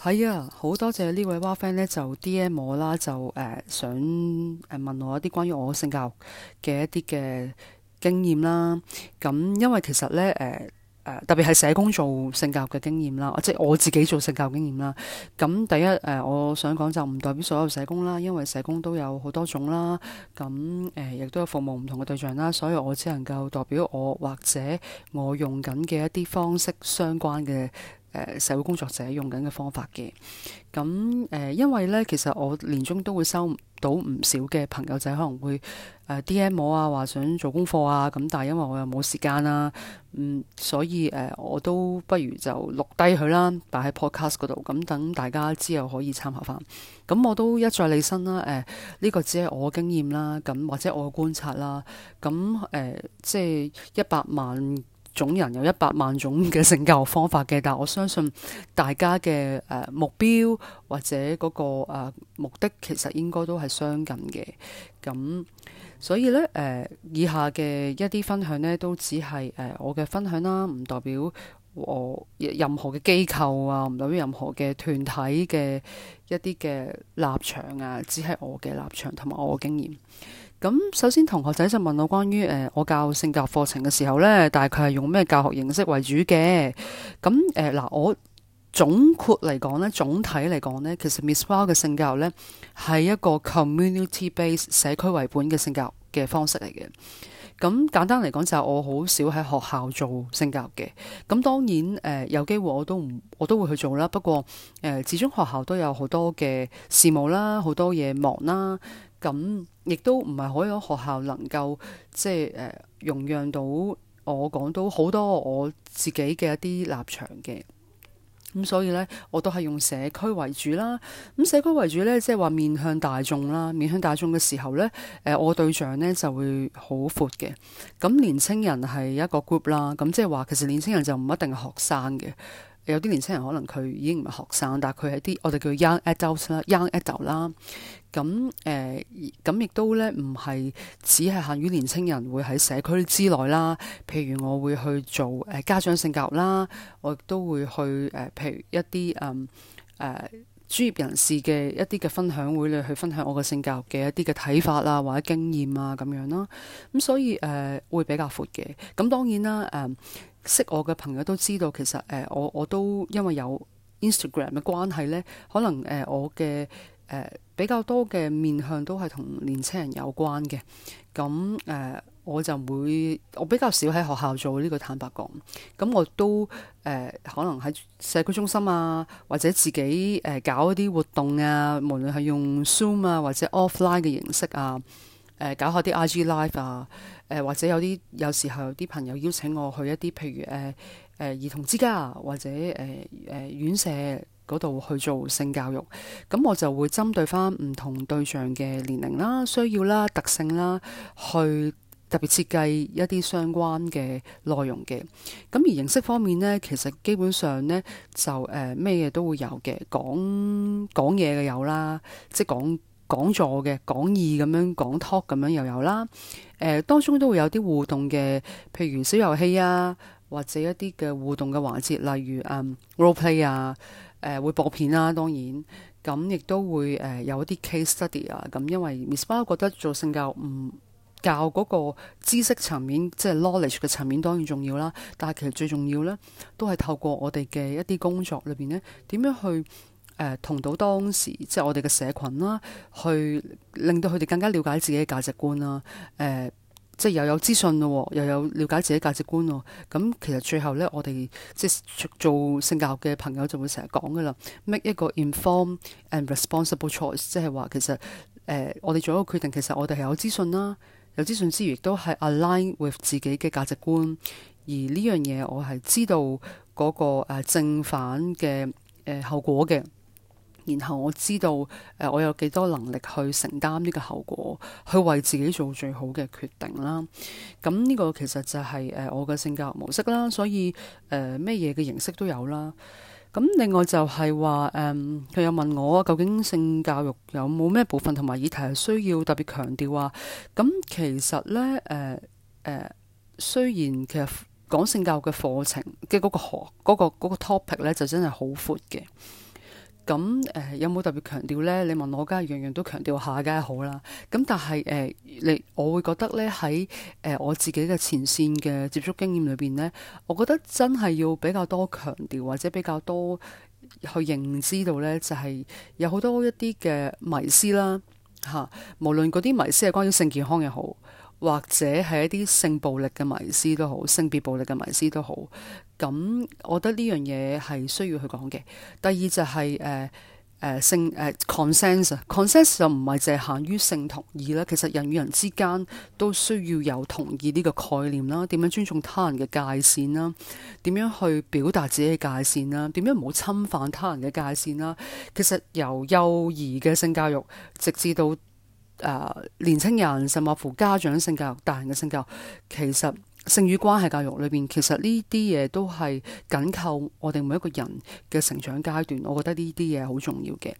係啊，好多謝呢位蛙 friend 咧，就 D.M 我啦，就誒、呃、想誒問我一啲關於我性教育嘅一啲嘅經驗啦。咁、嗯、因為其實咧誒誒，特別係社工做性教育嘅經驗啦，即係我自己做性教育經驗啦。咁、嗯、第一誒、呃，我想講就唔代表所有社工啦，因為社工都有好多種啦。咁誒亦都有服務唔同嘅對象啦，所以我只能夠代表我或者我用緊嘅一啲方式相關嘅。誒、呃、社會工作者用緊嘅方法嘅，咁、嗯、誒、呃、因為咧，其實我年終都會收到唔少嘅朋友仔可能會誒 DM 我啊，話想做功課啊，咁但係因為我又冇時間啦、啊，嗯，所以誒、呃、我都不如就錄低佢啦，但喺 Podcast 嗰度咁、嗯、等大家之後可以參考返。咁、嗯、我都一再提醒、呃這個、啦，誒呢個只係我嘅經驗啦，咁或者我嘅觀察啦，咁、嗯、誒、呃、即係一百萬種人有一百萬種嘅性教育方法嘅，但我相信大家嘅誒、呃、目標或者嗰、嗰個、呃、目的其實應該都係相近嘅。咁所以呢，誒、呃，以下嘅一啲分享呢都只係誒、呃、我嘅分享啦，唔代表我任何嘅機構啊，唔代表任何嘅團體嘅一啲嘅立場啊，只係我嘅立場同埋我嘅經驗。咁首先同學仔就問我關於誒、呃、我教性教課程嘅時候呢，大概係用咩教學形式為主嘅？咁誒嗱，我總括嚟講呢，總體嚟講呢，其實 Miss w a u l、well、嘅性教育呢係一個 community-based 社區為本嘅性教育嘅方式嚟嘅。咁、嗯、簡單嚟講就係我好少喺學校做性教育嘅。咁、嗯、當然誒、呃、有機會我都唔我都會去做啦。不過誒始終學校都有好多嘅事務啦，好多嘢忙啦。咁亦都唔係所有學校能夠，即係誒容讓到我講到好多我自己嘅一啲立場嘅。咁、嗯，所以呢，我都係用社區為主啦。咁、嗯、社區為主呢，即係話面向大眾啦。面向大眾嘅時候呢，誒、呃、我對象呢就會好闊嘅。咁、嗯、年青人係一個 group 啦，咁即係話其實年青人就唔一定係學生嘅。有啲年青人可能佢已經唔係學生，但係佢係啲我哋叫 young adults 啦，young adult 啦。咁、呃、誒，咁亦都咧唔係只係限於年青人會喺社區之內啦。譬如我會去做誒家長性教育啦，我亦都會去誒，譬如一啲誒誒專業人士嘅一啲嘅分享會，你去分享我嘅性教育嘅一啲嘅睇法啊，或者經驗啊咁樣啦。咁、嗯、所以誒、呃、會比較闊嘅。咁當然啦，誒、呃。識我嘅朋友都知道，其實誒、呃、我我都因為有 Instagram 嘅關係呢，可能誒、呃、我嘅誒、呃、比較多嘅面向都係同年青人有關嘅。咁誒、呃、我就會，我比較少喺學校做呢、呢個坦白講。咁我都誒、呃、可能喺社區中心啊，或者自己誒、呃、搞一啲活動啊，無論係用 Zoom 啊或者 offline 嘅形式啊，誒搞下啲 IG Live 啊。誒，或者有啲有時候有啲朋友邀請我去一啲譬如，誒誒、呃呃、兒童之家或者誒誒、呃、院舍嗰度去做性教育，咁我就會針對翻唔同對象嘅年齡啦、需要啦、特性啦，去特別設計一啲相關嘅內容嘅。咁而形式方面呢，其實基本上呢，就誒咩嘢都會有嘅，講講嘢嘅有啦，即係講。講座嘅講義咁樣講 talk 咁樣又有啦，誒、呃、當中都會有啲互動嘅，譬如小遊戲啊，或者一啲嘅互動嘅環節，例如誒、um, roleplay 啊，誒、呃、會播片啦、啊，當然咁亦、嗯、都會誒、呃、有一啲 case study 啊，咁、嗯、因為 Miss Bow 覺得做性教唔教嗰個知識層面，即、就、係、是、knowledge 嘅層面當然重要啦，但係其實最重要呢，都係透過我哋嘅一啲工作裏邊呢，點樣去。誒同到當時，即、就、係、是、我哋嘅社群啦，去令到佢哋更加了解自己嘅價值觀啦。誒、呃，即係又有資訊咯，又有了解自己價值觀咯。咁其實最後咧，我哋即係做性教育嘅朋友就會成日講㗎啦，make 一個 inform and responsible choice，即係話其實誒、呃、我哋做一個決定，其實我哋係有資訊啦，有資訊之餘亦都係 align with 自己嘅價值觀，而呢樣嘢我係知道嗰、那個、啊、正反嘅誒、啊、後果嘅。然後我知道誒我有幾多能力去承擔呢個後果，去為自己做最好嘅決定啦。咁、這、呢個其實就係誒我嘅性教育模式啦。所以誒咩嘢嘅形式都有啦。咁另外就係話誒佢有問我究竟性教育有冇咩部分同埋議題係需要特別強調啊？咁其實呢，誒、呃、誒、呃，雖然其實講性教育嘅課程嘅嗰、嗰個學嗰、嗰個嗰個 topic 咧就真係好闊嘅。咁誒有冇特別強調呢？你問我，梗係樣樣都強調下，梗係好啦。咁但係誒、呃，你我會覺得呢，喺誒、呃、我自己嘅前線嘅接觸經驗裏邊呢，我覺得真係要比較多強調，或者比較多去認知到呢，就係、是、有好多一啲嘅迷思啦嚇。無論嗰啲迷思係關於性健康嘅好。或者係一啲性暴力嘅迷思都好，性別暴力嘅迷思都好。咁，我覺得呢樣嘢係需要去講嘅。第二就係誒誒性誒、呃、consent 啊 consent 就唔係淨係限於性同意啦。其實人與人之間都需要有同意呢個概念啦。點樣尊重他人嘅界線啦？點樣去表達自己嘅界線啦？點樣唔好侵犯他人嘅界線啦？其實由幼兒嘅性教育，直至到誒，uh, 年青人，甚至乎家長性教育、大人嘅性教育，其實性與關係教育裏邊，其實呢啲嘢都係緊扣我哋每一個人嘅成長階段。我覺得呢啲嘢好重要嘅。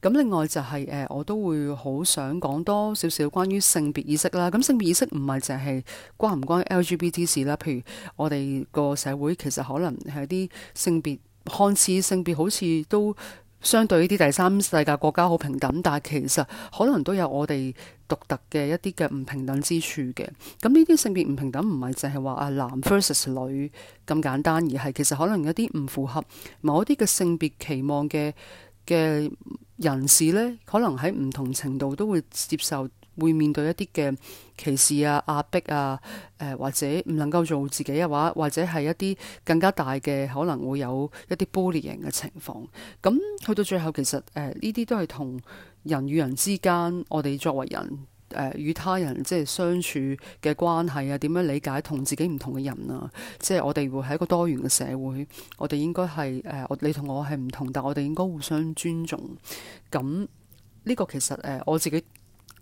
咁另外就係、是、誒，我都會好想講多少少關於性別意識啦。咁性別意識唔係淨係關唔關 LGBT 事啦。譬如我哋個社會其實可能係啲性別看似性別好似都。相對呢啲第三世界國家好平等，但係其實可能都有我哋獨特嘅一啲嘅唔平等之處嘅。咁呢啲性別唔平等唔係淨係話啊，男 versus 女咁簡單，而係其實可能有啲唔符合某啲嘅性別期望嘅嘅人士呢，可能喺唔同程度都會接受。會面對一啲嘅歧視啊、壓迫啊，誒、呃、或者唔能夠做自己嘅話，或者係一啲更加大嘅，可能會有一啲 bullying 嘅情況。咁、嗯、去到最後，其實誒呢啲都係同人與人之間，我哋作為人誒、呃、與他人即係相處嘅關係啊，點樣理解同自己唔同嘅人啊？即係我哋會係一個多元嘅社會，我哋應該係誒、呃，你同我係唔同，但我哋應該互相尊重。咁、嗯、呢、這個其實誒、呃、我自己。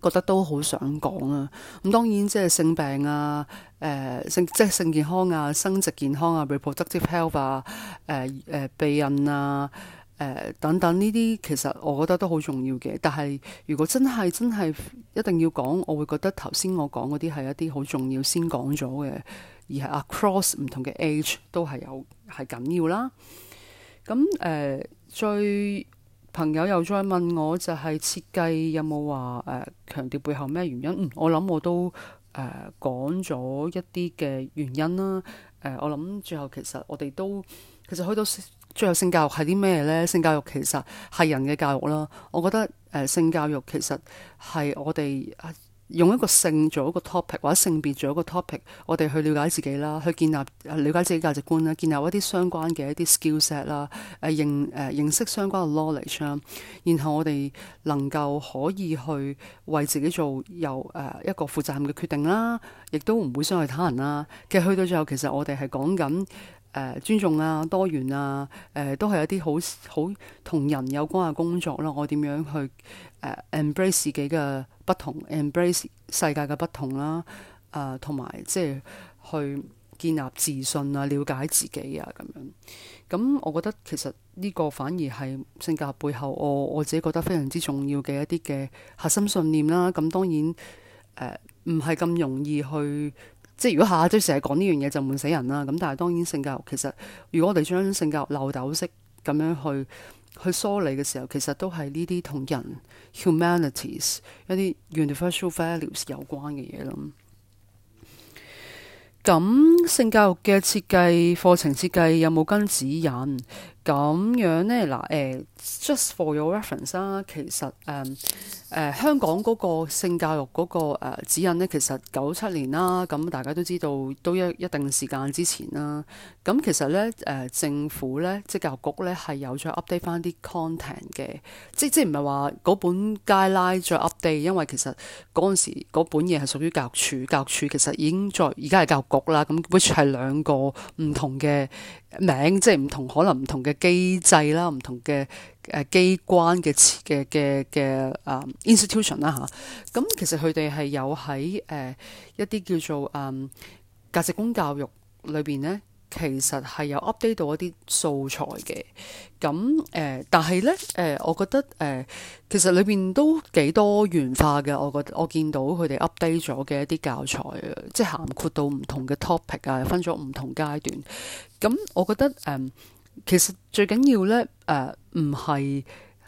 覺得都好想講啊！咁當然即係性病啊、誒、呃、性即係性健康啊、生殖健康啊、reproductive health 啊、誒、呃、誒、呃、避孕啊、誒、呃、等等呢啲，其實我覺得都好重要嘅。但係如果真係真係一定要講，我會覺得頭先我講嗰啲係一啲好重要先講咗嘅，而係 across 唔同嘅 age 都係有係緊要啦。咁誒、呃、最。朋友又再問我就設計有有，就係設計有冇話誒強調背後咩原因？嗯，我諗我都誒講咗一啲嘅原因啦。誒、呃，我諗最後其實我哋都其實去到最後性教育係啲咩咧？性教育其實係人嘅教育啦。我覺得誒、呃、性教育其實係我哋。啊用一個性做一個 topic，或者性別做一個 topic，我哋去了解自己啦，去建立、了解自己價值觀啦，建立一啲相關嘅一啲 skillset 啦，誒認、誒認識相關嘅 knowledge 啦，然後我哋能夠可以去為自己做由誒一個負責任嘅決定啦，亦都唔會傷害他人啦。其實去到最後，其實我哋係講緊。誒、呃、尊重啊，多元啊，誒、呃、都係一啲好好同人有關嘅工作咯。我點樣去誒、呃、embrace 自己嘅不同，embrace 世界嘅不同啦？誒同埋即係去建立自信啊，了解自己啊，咁樣。咁、嗯、我覺得其實呢個反而係性格背後我我自己覺得非常之重要嘅一啲嘅核心信念啦。咁、嗯、當然誒唔係咁容易去。即係如果下下即係成日講呢樣嘢就悶死人啦，咁但係當然性教育其實，如果我哋將性教育漏斗式咁樣去去梳理嘅時候，其實都係呢啲同人 humanities 一啲 universal values 有關嘅嘢咯。咁性教育嘅設計課程設計有冇跟指引？咁樣呢，嗱誒，just for your reference 啦。其實誒誒、嗯呃、香港嗰個性教育嗰、那個、呃、指引呢，其實九七年啦，咁大家都知道都一一定時間之前啦。咁、嗯、其實呢，誒、呃、政府呢，即教育局呢，係有咗 update 翻啲 content 嘅，即即唔係話嗰本 guideline 再 update，因為其實嗰陣時嗰本嘢係屬於教育處，教育處其實已經在而家係教育局啦，咁 which 係兩個唔同嘅。名即係唔同，可能唔同嘅機制啦，唔同嘅誒、呃、機關嘅嘅嘅嘅啊 institution 啦嚇，咁、嗯、其實佢哋係有喺誒、呃、一啲叫做嗯價值觀教育裏邊咧。其實係有 update 到一啲素材嘅，咁誒、呃，但係呢，誒、呃，我覺得誒、呃，其實裏面都幾多元化嘅。我覺得我見到佢哋 update 咗嘅一啲教材，即係涵括到唔同嘅 topic 啊，分咗唔同階段。咁我覺得誒、呃，其實最緊要呢，誒、呃，唔係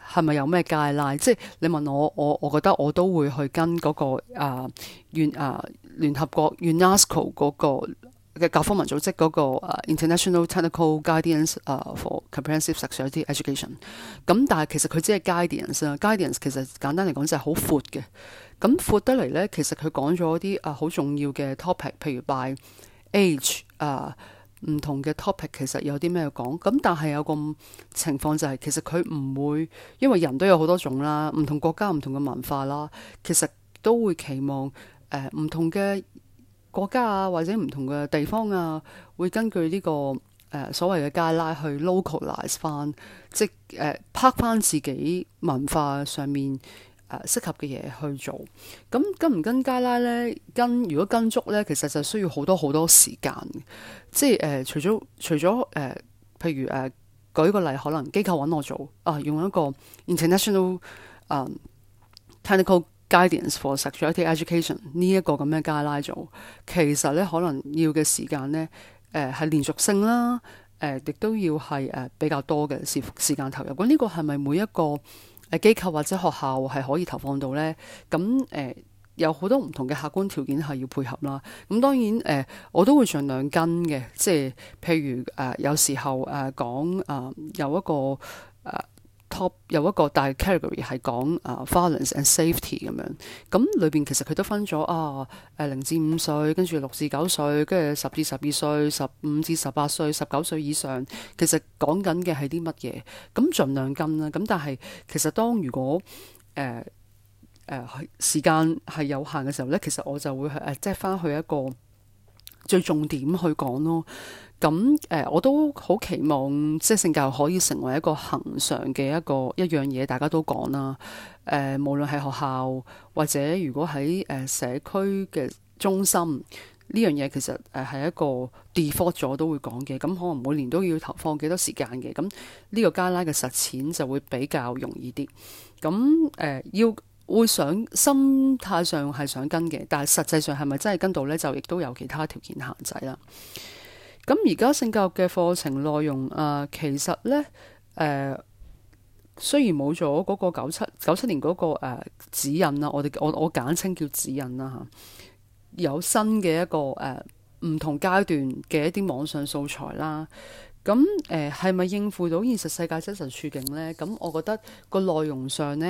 係咪有咩界 line？即係你問我，我我覺得我都會去跟嗰、那個啊聯啊聯合國 UNESCO 嗰、那個。嘅教科文組織嗰、那個、uh, international technical guidance、uh, for comprehensive sexuality education，咁、嗯、但係其實佢只係 guidance 啊，guidance 其實簡單嚟講就係好闊嘅，咁、嗯、闊得嚟咧，其實佢講咗啲啊好重要嘅 topic，譬如 by age 啊、uh, 唔同嘅 topic 其實有啲咩講，咁、嗯、但係有個情況就係、是、其實佢唔會，因為人都有好多種啦，唔同國家唔同嘅文化啦，其實都會期望誒唔、uh, 同嘅。國家啊，或者唔同嘅地方啊，會根據呢、這個誒、呃、所謂嘅 guideline 去 localize 翻，即係誒拍翻自己文化上面誒、呃、適合嘅嘢去做。咁、嗯、跟唔跟 guideline 咧？跟如果跟足咧，其實就需要好多好多時間。即係誒、呃，除咗除咗誒、呃，譬如誒、呃，舉個例，可能機構搵我做啊，用一個 international、啊、technical。Guidance for sexuality education 呢一個咁嘅加拉咗，其實咧可能要嘅時間咧，誒、呃、係連續性啦，誒、呃、亦都要係誒、呃、比較多嘅時時間投入。咁、這、呢個係咪每一個誒機構或者學校係可以投放到咧？咁、嗯、誒、呃、有好多唔同嘅客觀條件係要配合啦。咁、嗯、當然誒、呃、我都會盡量跟嘅，即係譬如誒、呃、有時候誒講誒有一個誒。呃 Top 有一個大 category 係講啊 violence and safety 咁樣，咁裏邊其實佢都分咗啊，誒零至五歲，跟住六至九歲，跟住十至十二歲，十五至十八歲，十九歲以上，其實講緊嘅係啲乜嘢？咁盡量跟啦，咁但係其實當如果誒誒、呃呃、時間係有限嘅時候咧，其實我就會去誒即返去一個。最重點去講咯，咁誒、呃、我都好期望，即係性教育可以成為一個恒常嘅一個一樣嘢，大家都講啦。誒、呃，無論係學校或者如果喺誒、呃、社區嘅中心，呢樣嘢其實誒係一個 default 咗都會講嘅，咁可能每年都要投放幾多時間嘅。咁呢個加拿大嘅實踐就會比較容易啲。咁誒，要、呃。會想心態上係想跟嘅，但係實際上係咪真係跟到呢？就亦都有其他條件限制啦。咁而家性教育嘅課程內容啊、呃，其實呢，誒、呃，雖然冇咗嗰個九七九七年嗰、嗰個誒、呃、指引啦，我哋我我簡稱叫指引啦吓、啊，有新嘅一個誒唔、呃、同階段嘅一啲網上素材啦。咁誒係咪應付到現實世界真實處境呢？咁我覺得個內容上呢。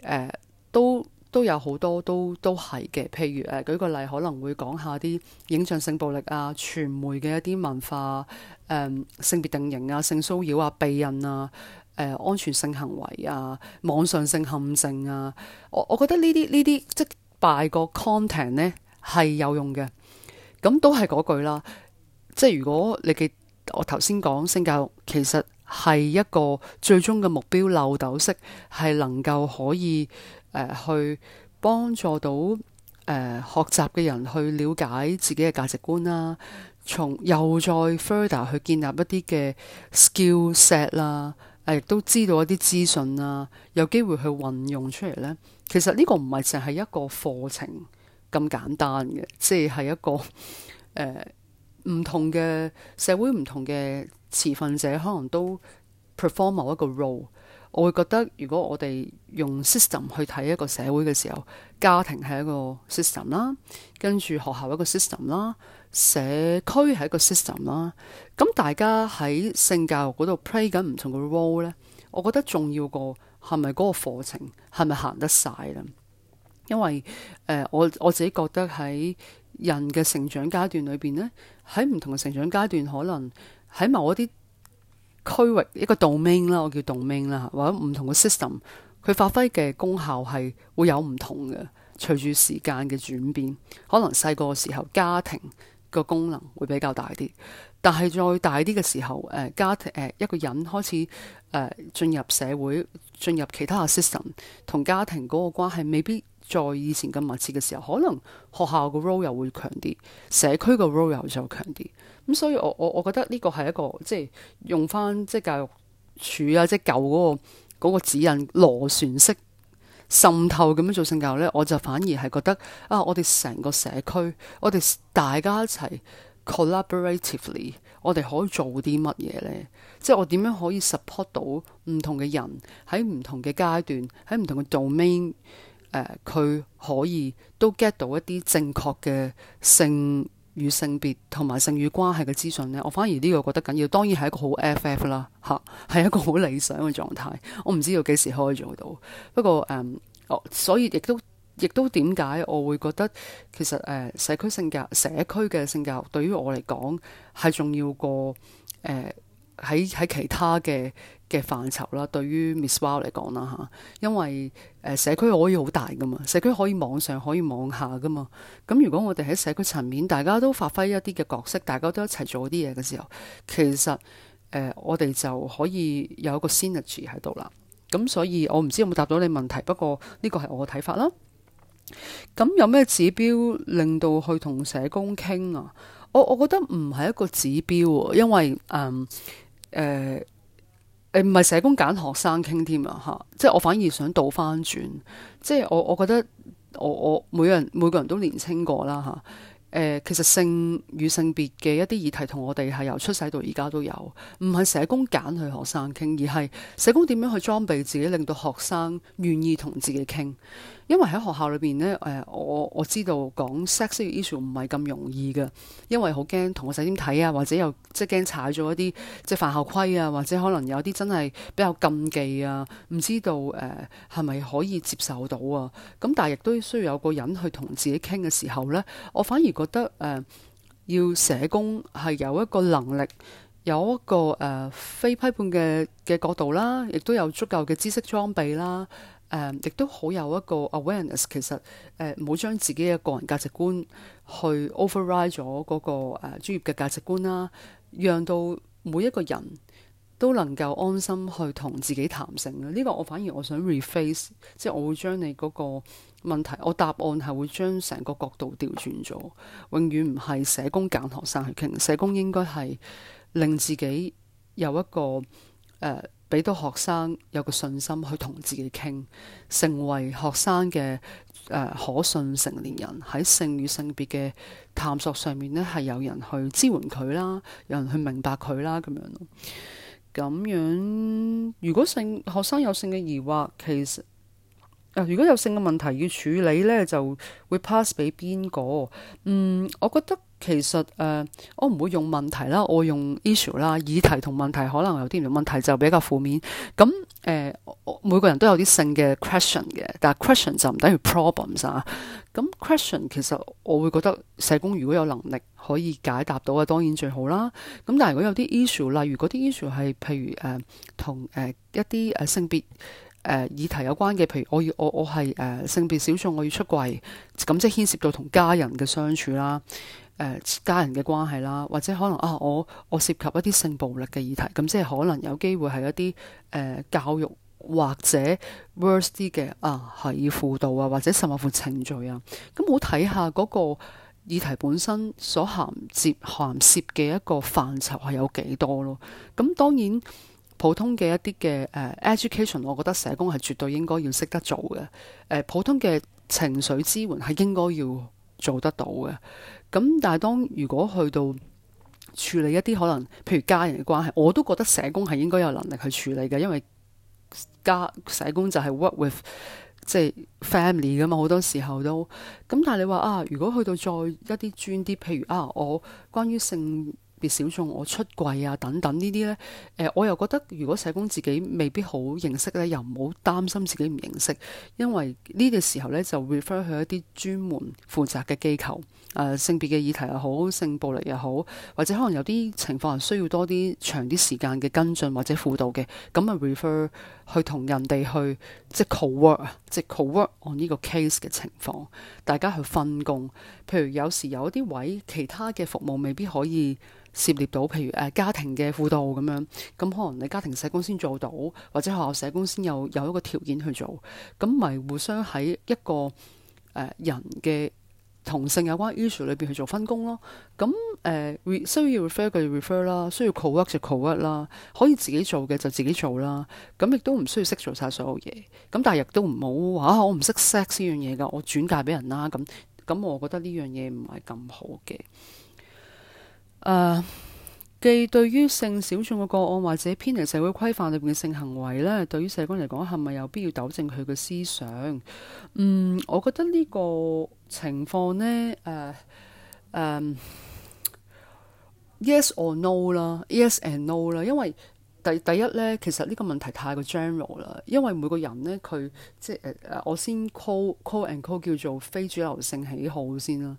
誒、呃。都都有好多都都係嘅，譬如誒，舉個例，可能會講一下啲影像性暴力啊、傳媒嘅一啲文化誒、啊嗯、性別定型啊、性騷擾啊、避孕啊、誒、呃、安全性行為啊、網上性陷阱啊。我我覺得呢啲呢啲即係 by 個 content 咧係有用嘅，咁都係嗰句啦。即係如果你記得我頭先講性教育，其實係一個最終嘅目標，漏斗式係能夠可以。誒去幫助到誒、呃、學習嘅人去了解自己嘅價值觀啦，從又再 further 去建立一啲嘅 skillset 啦、啊，誒都知道一啲資訊啦、啊，有機會去運用出嚟咧。其實呢個唔係淨係一個課程咁簡單嘅，即係係一個誒、呃、唔同嘅社會唔同嘅持份者可能都 perform 某一個 role。我會覺得，如果我哋用 system 去睇一個社會嘅時候，家庭係一個 system 啦，跟住學校一個 system 啦，社區係一個 system 啦。咁大家喺性教育嗰度 play 緊唔同嘅 role 呢？我覺得重要過係咪嗰個課程係咪行得晒咧？因為誒、呃，我我自己覺得喺人嘅成長階段裏邊呢，喺唔同嘅成長階段，可能喺某一啲區域一個 domain 啦，我叫 domain 啦，或者唔同嘅 system，佢發揮嘅功效係會有唔同嘅，隨住時間嘅轉變，可能細個嘅時候家庭個功能會比較大啲，但係再大啲嘅時候，誒、呃、家庭誒、呃、一個人開始誒、呃、進入社會，進入其他嘅 system，同家庭嗰個關係未必，在以前咁密切嘅時候，可能學校嘅 role 又會強啲，社區嘅 role 又就強啲。咁、嗯、所以我我我覺得呢個係一個即係、就是、用翻即係教育署啊，即係舊嗰個、那個指引，螺旋式滲透咁樣做性教育呢。我就反而係覺得啊，我哋成個社區，我哋大家一齊 collaboratively，我哋可以做啲乜嘢呢？即、就、係、是、我點樣可以 support 到唔同嘅人喺唔同嘅階段喺唔同嘅 domain？誒佢、啊、可以都 get 到一啲正確嘅性與性別同埋性與關係嘅資訊呢，我反而呢個覺得緊要，當然係一個好 F F 啦，嚇、啊、係一個好理想嘅狀態。我唔知道幾時可以做到，不過誒、啊哦，所以亦都亦都點解我會覺得其實誒、啊、社區性格社區嘅性格對於我嚟講係重要過誒。啊喺喺其他嘅嘅範疇啦，對於 Miss Well 嚟講啦吓，因為誒社區可以好大噶嘛，社區可以網上可以網下噶嘛。咁如果我哋喺社區層面，大家都發揮一啲嘅角色，大家都一齊做啲嘢嘅時候，其實誒、呃、我哋就可以有一個 synergy 喺度啦。咁、嗯、所以，我唔知有冇答到你問題，不過呢個係我嘅睇法啦。咁有咩指標令到去同社工傾啊？我我覺得唔係一個指標啊，因為誒。嗯誒誒，唔係、uh，社工揀學生傾添啊，吓，即係我反而想倒翻轉，即係我我覺得我我，我每人每個人都年輕過啦吓，誒、啊啊，其實性與性別嘅一啲議題，同我哋係由出世到而家都有，唔係社工揀去學生傾，而係社工點樣去裝備自己，令到學生願意同自己傾。因為喺學校裏邊呢，誒、呃、我我知道講 sex issue 唔係咁容易嘅，因為好驚同個仔點睇啊，或者又即係驚踩咗一啲即係犯校規啊，或者可能有啲真係比較禁忌啊，唔知道誒係咪可以接受到啊？咁但係亦都需要有個人去同自己傾嘅時候呢，我反而覺得誒、呃、要社工係有一個能力，有一個誒、呃、非批判嘅嘅角度啦，亦都有足夠嘅知識裝備啦。誒亦、嗯、都好有一個 awareness，其實誒冇將自己嘅個人價值觀去 override 咗嗰、那個誒、啊、專業嘅價值觀啦，讓到每一個人都能夠安心去同自己談成啦。呢個我反而我想 reface，即係我會將你嗰個問題，我答案係會將成個角度調轉咗，永遠唔係社工揀學生去傾，社工應該係令自己有一個誒、啊俾到學生有個信心去同自己傾，成為學生嘅誒、呃、可信成年人喺性與性別嘅探索上面，呢係有人去支援佢啦，有人去明白佢啦，咁樣。咁樣如果性學生有性嘅疑惑 case、呃，其實如果有性嘅問題要處理呢，就會 pass 俾邊個？嗯，我覺得。其實誒，uh, 我唔會用問題啦，我用 issue 啦，議題同問題可能有啲問題就比較負面。咁誒、uh，每個人都有啲性嘅 question 嘅，但係 question 就唔等於 problems 啊。咁 question 其實我會覺得社工如果有能力可以解答到啊，當然最好啦。咁但係如果有啲 issue，例如嗰啲 issue 係譬如誒同誒一啲誒性別誒、uh, 議題有關嘅，譬如我要我我係誒、uh, 性別少數，我要出櫃，咁即係牽涉到同家人嘅相處啦。誒家人嘅關係啦，或者可能啊，我我涉及一啲性暴力嘅議題，咁、嗯、即係可能有機會係一啲誒、呃、教育或者 worse 啲嘅啊，係輔導啊，或者甚至乎程序啊，咁、嗯、我睇下嗰個議題本身所含接涵涉嘅一個範疇係有幾多咯。咁、嗯、當然普通嘅一啲嘅誒 education，我覺得社工係絕對應該要識得做嘅。誒、呃、普通嘅情緒支援係應該要做得到嘅。咁但係，當如果去到處理一啲可能，譬如家人嘅關係，我都覺得社工係應該有能力去處理嘅，因為家社工就係 work with 即係 family 噶嘛。好多時候都咁，但係你話啊，如果去到再一啲專啲，譬如啊，我關於性別小眾，我出櫃啊等等呢啲呢，誒、呃，我又覺得如果社工自己未必好認識呢，又唔好擔心自己唔認識，因為呢個時候呢，就 refer 去一啲專門負責嘅機構。誒、uh, 性別嘅議題又好，性暴力又好，或者可能有啲情況係需要多啲長啲時間嘅跟進或者輔導嘅，咁咪 refer 去同人哋去即係 co-work 即係 co-work on 呢個 case 嘅情況，大家去分工。譬如有時有一啲位，其他嘅服務未必可以涉獵到，譬如誒、uh, 家庭嘅輔導咁樣，咁可能你家庭社工先做到，或者學校社工先有有一個條件去做，咁咪互相喺一個誒、uh, 人嘅。同性有關 issue 裏邊去做分工咯，咁誒、呃、需要 refer 嘅 refer 啦，需要 co-work 就 co-work 啦，可以自己做嘅就自己做啦，咁亦都唔需要識做晒所有嘢，咁但係亦都唔好話我唔識 sex 呢樣嘢㗎，我轉介俾人啦，咁咁我覺得呢樣嘢唔係咁好嘅，誒、uh,。既對於性小眾嘅個案或者偏離社會規範裏邊嘅性行為咧，對於社工嚟講係咪有必要糾正佢嘅思想？嗯，我覺得呢個情況呢，誒、呃呃、yes or no 啦，yes and no 啦，因為第第一呢，其實呢個問題太過 general 啦，因為每個人呢，佢即係、呃、我先 call call and call 叫做非主流性喜好先啦。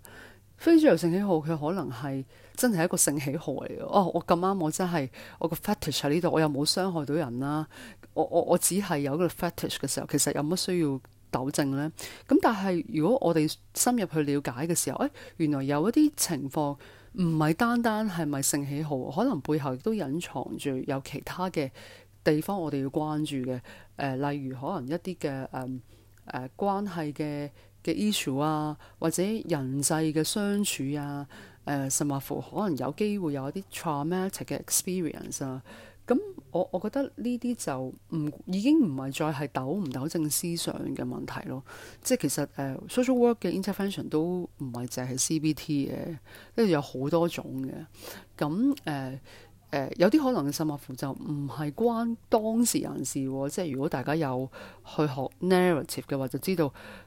非主流性喜好，佢可能係真係一個性喜好嚟嘅。哦，我咁啱我真係我個 fetish 喺呢度，我又冇傷害到人啦、啊。我我我只係有一個 fetish 嘅時候，其實有乜需要糾正呢？咁但係如果我哋深入去了解嘅時候，誒、哎，原來有一啲情況唔係單單係咪性喜好，可能背後亦都隱藏住有其他嘅地方，我哋要關注嘅。誒、呃，例如可能一啲嘅誒誒關係嘅。嘅 issue 啊，或者人際嘅相處啊，誒、呃，甚至乎可能有機會有一啲 traumatic 嘅 experience 啊。咁、嗯、我我覺得呢啲就唔已經唔係再係糾唔糾正思想嘅問題咯。即係其實誒、呃、social work 嘅 intervention 都唔係淨係 CBT 嘅，跟住有好多種嘅。咁誒誒有啲可能嘅，甚至乎就唔係關當事人事喎。即係如果大家有去學 narrative 嘅話，就知道。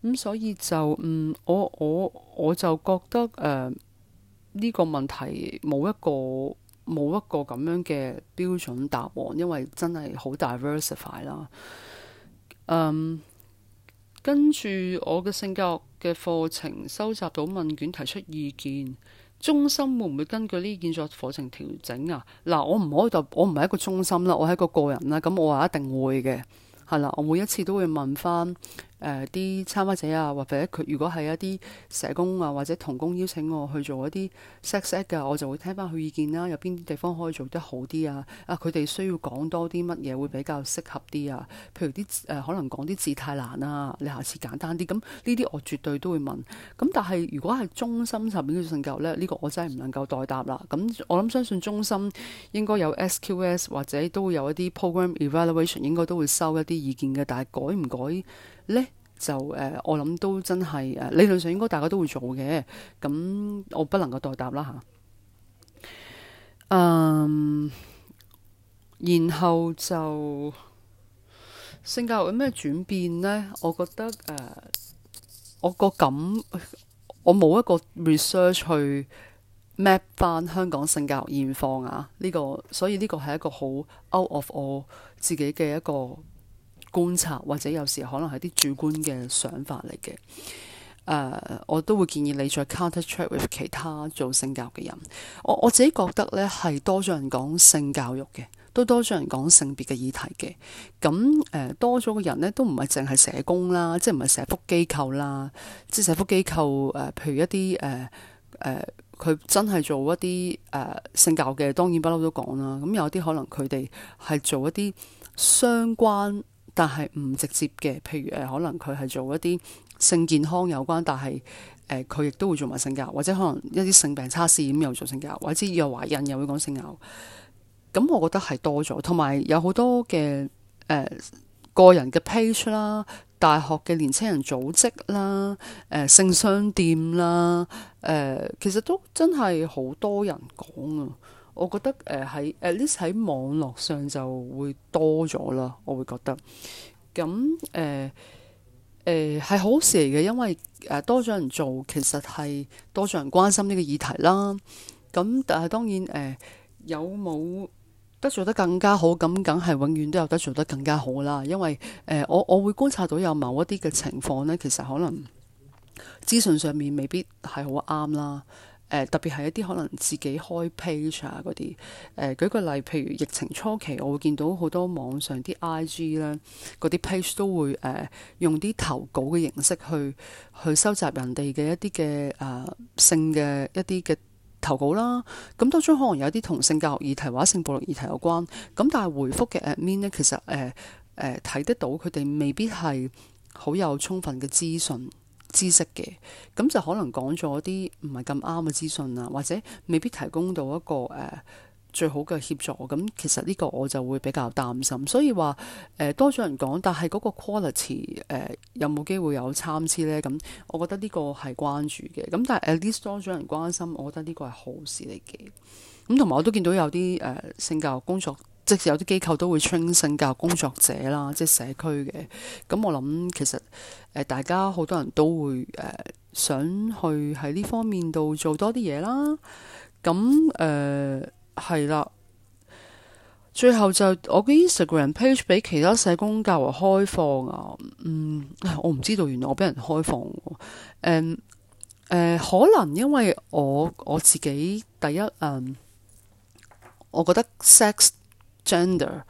咁、嗯、所以就嗯，我我我就覺得誒呢、呃這個問題冇一個冇一個咁樣嘅標準答案，因為真係好 diversify 啦。嗯，跟住我嘅性格嘅課程收集到問卷提出意見，中心會唔會根據呢件作課程調整啊？嗱，我唔可以就我唔係一個中心啦，我係一個個人啦。咁我話一定會嘅，係啦。我每一次都會問翻。誒啲、呃、參加者啊，或者佢如果係一啲社工啊或者同工邀請我去做一啲 s e x set 嘅，我就會聽翻佢意見啦、啊。有邊啲地方可以做得好啲啊？啊，佢哋需要講多啲乜嘢會比較適合啲啊？譬如啲、呃、可能講啲字太難啊，你下次簡單啲。咁呢啲我絕對都會問。咁但係如果係中心上面嘅信教呢，呢、呢個我真係唔能夠代答啦。咁我諗相信中心應該有 SQS 或者都會有一啲 program evaluation 應該都會收一啲意見嘅，但係改唔改？咧就誒、呃，我諗都真係誒、呃，理論上應該大家都會做嘅。咁、嗯、我不能夠代答啦嚇。嗯，然後就性教育有咩轉變呢？我覺得誒、呃，我個感，我冇一個 research 去 map 翻香港性教育現況啊。呢、呢個所以呢個係一個好 out of 我自己嘅一個。觀察或者有時可能係啲主觀嘅想法嚟嘅，誒、uh,，我都會建議你再 c o n t a c check with 其他做性教嘅人。我我自己覺得呢係多咗人講性教育嘅，都多咗人講性別嘅議題嘅。咁誒，多咗嘅人呢，都唔係淨係社工啦，即係唔係社福機構啦，即係社福機構誒、呃，譬如一啲誒誒，佢、呃呃、真係做一啲誒、呃、性教嘅，當然不嬲都講啦。咁有啲可能佢哋係做一啲相關。但係唔直接嘅，譬如誒、呃，可能佢係做一啲性健康有關，但係誒佢亦都會做埋性交，或者可能一啲性病測試咁又做性交，或者以後懷孕又會講性交。咁我覺得係多咗，同埋有好多嘅誒、呃、個人嘅 page 啦、大學嘅年輕人組織啦、誒、呃、性商店啦、誒、呃、其實都真係好多人講啊。我覺得誒喺 at least 喺網絡上就會多咗啦，我會覺得。咁誒誒係好事嚟嘅，因為誒、呃、多咗人做，其實係多咗人關心呢個議題啦。咁但係當然誒、呃、有冇得做得更加好，咁梗係永遠都有得做得更加好啦。因為誒、呃、我我會觀察到有某一啲嘅情況呢，其實可能資訊上面未必係好啱啦。誒、呃、特別係一啲可能自己開 page 啊嗰啲，誒，舉個例，譬如疫情初期，我會見到好多網上啲 IG 咧，嗰啲 page 都會誒、呃、用啲投稿嘅形式去去收集人哋嘅一啲嘅誒性嘅一啲嘅投稿啦。咁當中可能有啲同性教育議題或者性暴力議題有關。咁但係回覆嘅 admin 呢，其實誒誒睇得到佢哋未必係好有充分嘅資訊。知識嘅咁就可能講咗啲唔係咁啱嘅資訊啊，或者未必提供到一個誒、呃、最好嘅協助咁。其實呢個我就會比較擔心，所以話誒、呃、多咗人講，但係嗰個 quality 誒、呃、有冇機會有參差呢？咁我覺得呢個係關注嘅咁，但係 at least 多咗人關心，我覺得呢個係好事嚟嘅咁，同埋我都見到有啲誒、呃、性教育工作。即係有啲機構都會 train 性教育工作者啦，即係社區嘅咁。我諗其實誒、呃，大家好多人都會誒、呃、想去喺呢方面度做多啲嘢啦。咁誒係啦。最後就我嘅 Instagram page 俾其他社工較為開放啊。嗯，我唔知道，原來我俾人開放誒、啊、誒、嗯呃，可能因為我我自己第一嗯，我覺得 sex。gender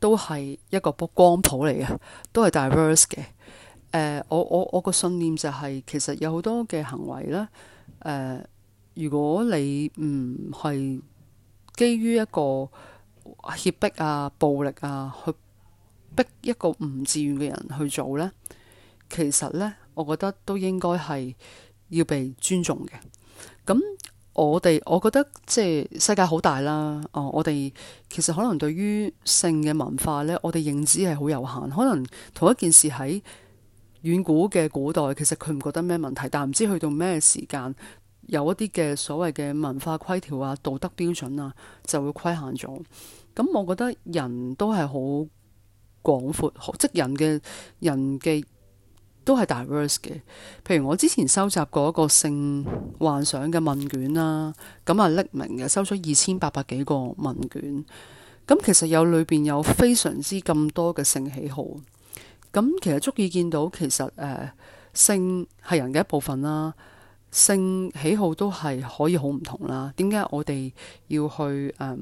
都係一個光譜嚟嘅，都係 diverse 嘅。誒，我我我個信念就係其實有好多嘅行為咧，誒，如果你唔係基於一個脅迫啊、暴力啊，去逼一個唔自願嘅人去做咧，其實咧，我覺得都應該係要被尊重嘅。咁我哋，我覺得即係世界好大啦。哦，我哋其實可能對於性嘅文化呢，我哋認知係好有限。可能同一件事喺遠古嘅古代，其實佢唔覺得咩問題，但係唔知去到咩時間，有一啲嘅所謂嘅文化規條啊、道德標準啊，就會規限咗。咁，嗯，我覺得人都係好廣闊，即人嘅人嘅。都係 diverse 嘅，譬如我之前收集過一個性幻想嘅問卷啦，咁啊匿名嘅收咗二千八百幾個問卷，咁其實有裏邊有非常之咁多嘅性喜好，咁其實足以見到其實誒、呃、性係人嘅一部分啦。性喜好都係可以好唔同啦。點解我哋要去誒、呃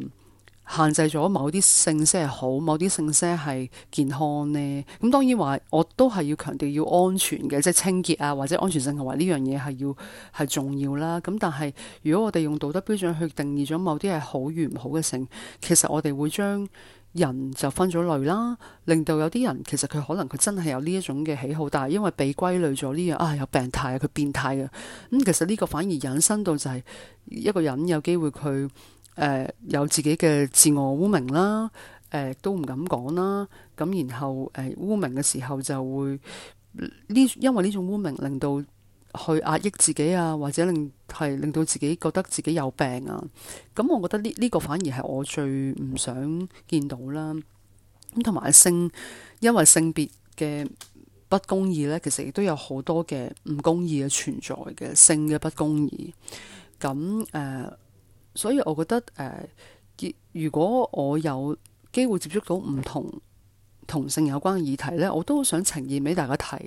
限制咗某啲性色係好，某啲性色係健康咧。咁當然話，我都係要強調要安全嘅，即係清潔啊，或者安全性嘅話，呢樣嘢係要係重要啦。咁但係，如果我哋用道德標準去定義咗某啲係好與唔好嘅性，其實我哋會將人就分咗類啦，令到有啲人其實佢可能佢真係有呢一種嘅喜好，但係因為被歸類咗呢樣啊有病態啊，佢變態嘅。咁、嗯、其實呢個反而引申到就係、是、一個人有機會，佢。誒、呃、有自己嘅自我污名啦，誒、呃、都唔敢講啦。咁然後誒、呃、污名嘅時候就會呢，因為呢種污名令到去壓抑自己啊，或者令係令到自己覺得自己有病啊。咁、嗯、我覺得呢呢、呢個反而係我最唔想見到啦。咁同埋性，因為性別嘅不公義呢，其實亦都有好多嘅唔公義嘅存在嘅性嘅不公義。咁誒。所以，我覺得誒、呃，如果我有機會接觸到唔同同性有關嘅議題呢，我都好想呈現俾大家睇。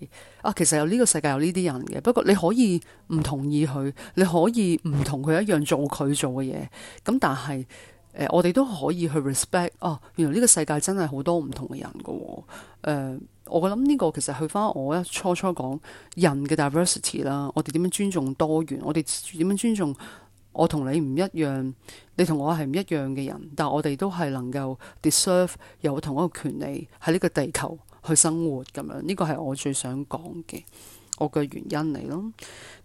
啊，其實有呢個世界有呢啲人嘅，不過你可以唔同意佢，你可以唔同佢一樣做佢做嘅嘢。咁但係誒、呃，我哋都可以去 respect、啊。哦，原來呢個世界真係好多唔同嘅人㗎、哦。誒、呃，我諗呢個其實去返我一初初講人嘅 diversity 啦，我哋點樣尊重多元，我哋點樣尊重。我同你唔一樣，你同我係唔一樣嘅人，但我哋都係能夠 deserve 有同一個權利喺呢個地球去生活咁樣，呢個係我最想講嘅，我嘅原因嚟咯。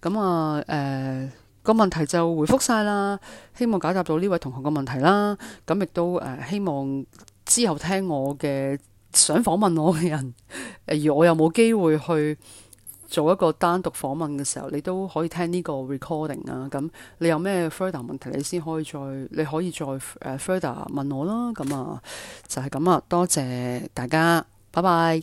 咁啊，誒、呃，那個問題就回覆晒啦，希望解答到呢位同學嘅問題啦。咁亦都誒、呃、希望之後聽我嘅想訪問我嘅人，而我又冇機會去做一個單獨訪問嘅時候，你都可以聽呢個 recording 啊。咁你有咩 further 問題，你先可以再你可以再誒 further 問我啦。咁啊，就係咁啊，多謝大家，拜拜。